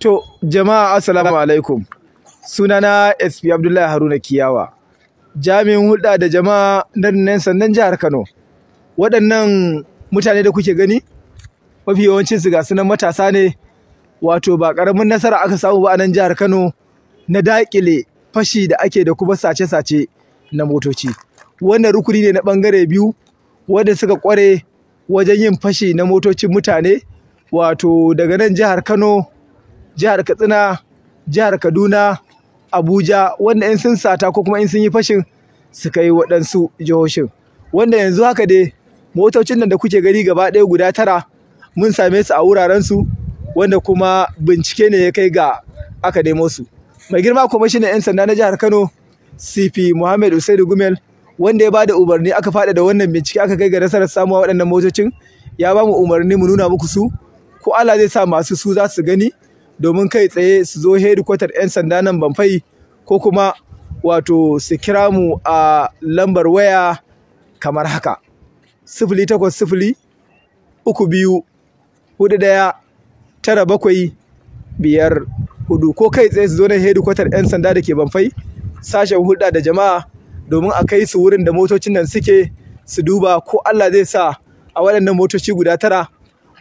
To, jama'a assalamu alaikum. Sunana SP Abdullahi Haruna Kiyawa. Jami'in hulɗa da jama'a na nan sannan jihar Kano. Waɗannan mutane da kuke gani, mafi yawancin su ga sunan matasa ne, wato ba ƙaramin nasara aka samu ba a nan jihar Kano na daƙile fashi da ake da kuma sace-sace na motoci. Wannan rukuni ne na ɓangare biyu wanda suka ƙware wajen yin fashi na motocin mutane, wato daga nan jihar Kano jihar Katsina, jihar Kaduna, Abuja wanda in sun sata ko kuma in sun yi fashin suka yi waɗansu jihohin. Wanda yanzu haka dai motocin nan da kuke gani gaba ɗaya guda tara mun same su a wurarensu wanda kuma bincike ne ya kai ga aka nemo su. Mai girma kuma shine 'yan sanda na jihar Kano CP Muhammad Usaidu Gumel wanda ya bada umarni aka faɗa da wannan bincike aka kai ga nasarar samuwa waɗannan motocin ya ba mu umarni mu nuna muku su ko Allah zai sa masu su za su gani domin kai tsaye su zo hedikwatar 'yan sanda nan banfai ko kuma wato su kira mu a lambar waya kamar haka sifili takwas sifili uku biyu hudu ɗaya tara bakwai biyar hudu ko kai tsaye su zo na hedikwatar 'yan sanda da ke banfai sashen hulɗa da jama'a domin a kai su wurin da motocin nan suke su duba ko Allah zai sa a waɗannan motoci guda tara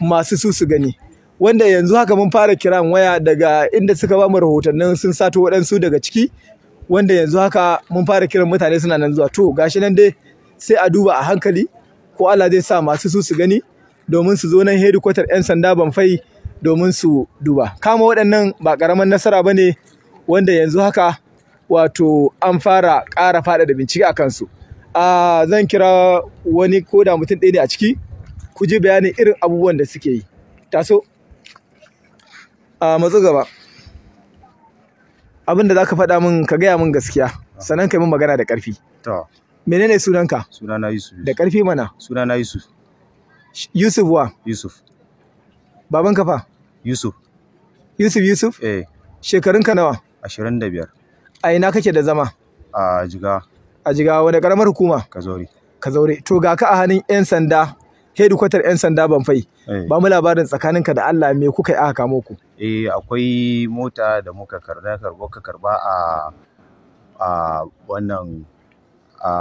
masu su su gani. wanda yanzu haka mun fara kiran waya daga inda suka ba mu rahotannin sun sato waɗansu daga ciki wanda yanzu haka mun fara kiran mutane suna nan zuwa to gashi nan dai sai a duba a hankali ko Allah zai sa masu su su gani domin su zo nan hedikwatar 'yan sanda banfai domin su duba kama waɗannan ba ƙaramin nasara ba ne wanda yanzu haka wato an fara ƙara faɗaɗa bincike a kansu a zan kira wani ko da mutum ɗaya ne a ciki ku ji bayanin irin abubuwan da suke yi taso a matsu gaba abin da zaka faɗa min ka gaya min gaskiya sannan yi min magana da ƙarfi to menene sunanka sunana yusuf da ƙarfi mana sunana yusuf yusuf wa yusuf baban kafa yusuf yusuf yusuf eh shekarunka nawa 25 a ina kake da zama a jiga a jiga wani karamar hukuma kazaure Kazauri. to ga ka a hannun yan sanda hedikwatar 'yan sanda banfai eh. ba mu labarin tsakaninka da Allah me kuka yi aka kamo ku eh akwai mota da muka karba karba ka karba a a wannan a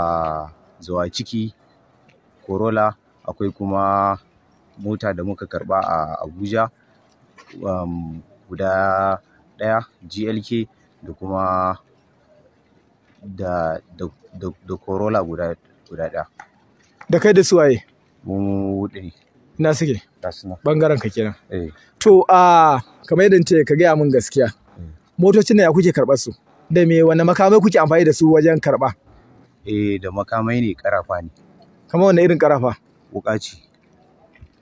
zuwa ciki corolla akwai kuma mota da muka karba a abuja um, guda ɗaya glk da kuma da, da, da, da corolla guda, guda ɗaya. Da kai da suwaye? Mun ɗari ina suke Ɓangaren ka kenan eh. to a kamar yadda ce ka gaya min gaskiya eh. motocin na ya kuke karɓar su da me wani makamai kuke amfani da su wajen karɓa eh da makamai ne karafa ne kamar wani irin karafa wuka ce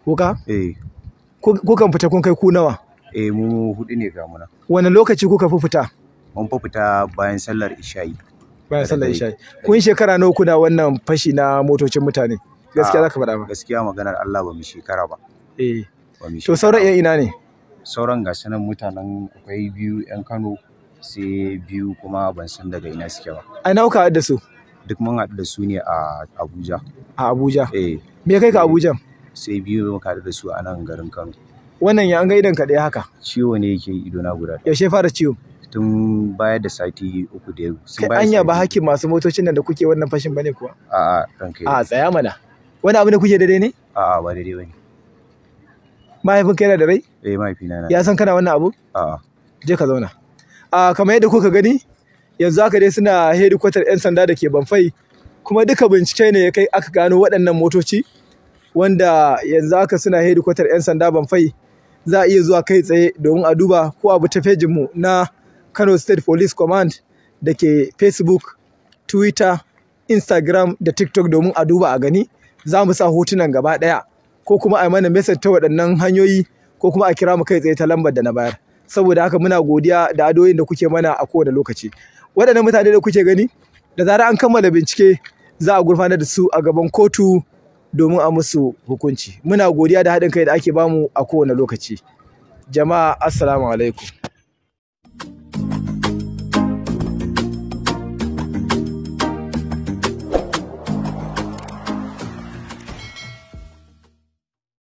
wuka eh kukan fita kun kai ku nawa eh mu huɗu ne ga muna wani lokaci kuka fi fita mun fi fita bayan sallar isha'i bayan sallar isha'i kun shekara nawa kuna wannan fashi na motocin mutane gaskiya ah, za ka faɗa ma gaskiya maganar Allah ba mu shekara ba eh to sauran yan ina ne sauran ga sanan mutanen akwai biyu yan Kano sai biyu kuma ban san daga ina suke ba ai nawa ka da su duk mun haɗu da su ne a Abuja a Abuja eh me kai ka eh. Abuja sai biyu muka haɗu da su a nan garin Kano wannan ya an ga idon ka ɗaya haka ciwo ne yake ido na guda yaushe fara ciwo tun baya da sati uku da yau. Kai anya ba hakin masu motocin nan da kuke wannan fashin bane kuwa? A'a ranka. A tsaya mana. wani abu da kuke daidai ne a'a ba daidai bane mahaifinka yana da rai eh mahaifina na ya san kana wannan abu a'a je ka zauna a kamar yadda kuka gani yanzu haka dai suna hedikwatar yan sanda da ke banfai kuma duka bincike ne ya kai aka gano waɗannan motoci wanda yanzu haka suna hedikwatar yan sanda banfai za a iya zuwa kai tsaye domin a duba ko abu ta mu na Kano State Police Command da ke Facebook, Twitter, Instagram da TikTok domin a duba a gani. za mu sa hotunan gaba ɗaya ko kuma a mana message ta waɗannan hanyoyi ko kuma a kira mu kai tsaye ta lambar da na bayar saboda haka muna godiya da adoyin da kuke mana a kowane lokaci waɗannan mutane da kuke gani da zara an kammala bincike za a gurfanar da su a gaban kotu domin a musu hukunci muna godiya da haɗin kai da ake bamu a kowane lokaci jama'a assalamu alaikum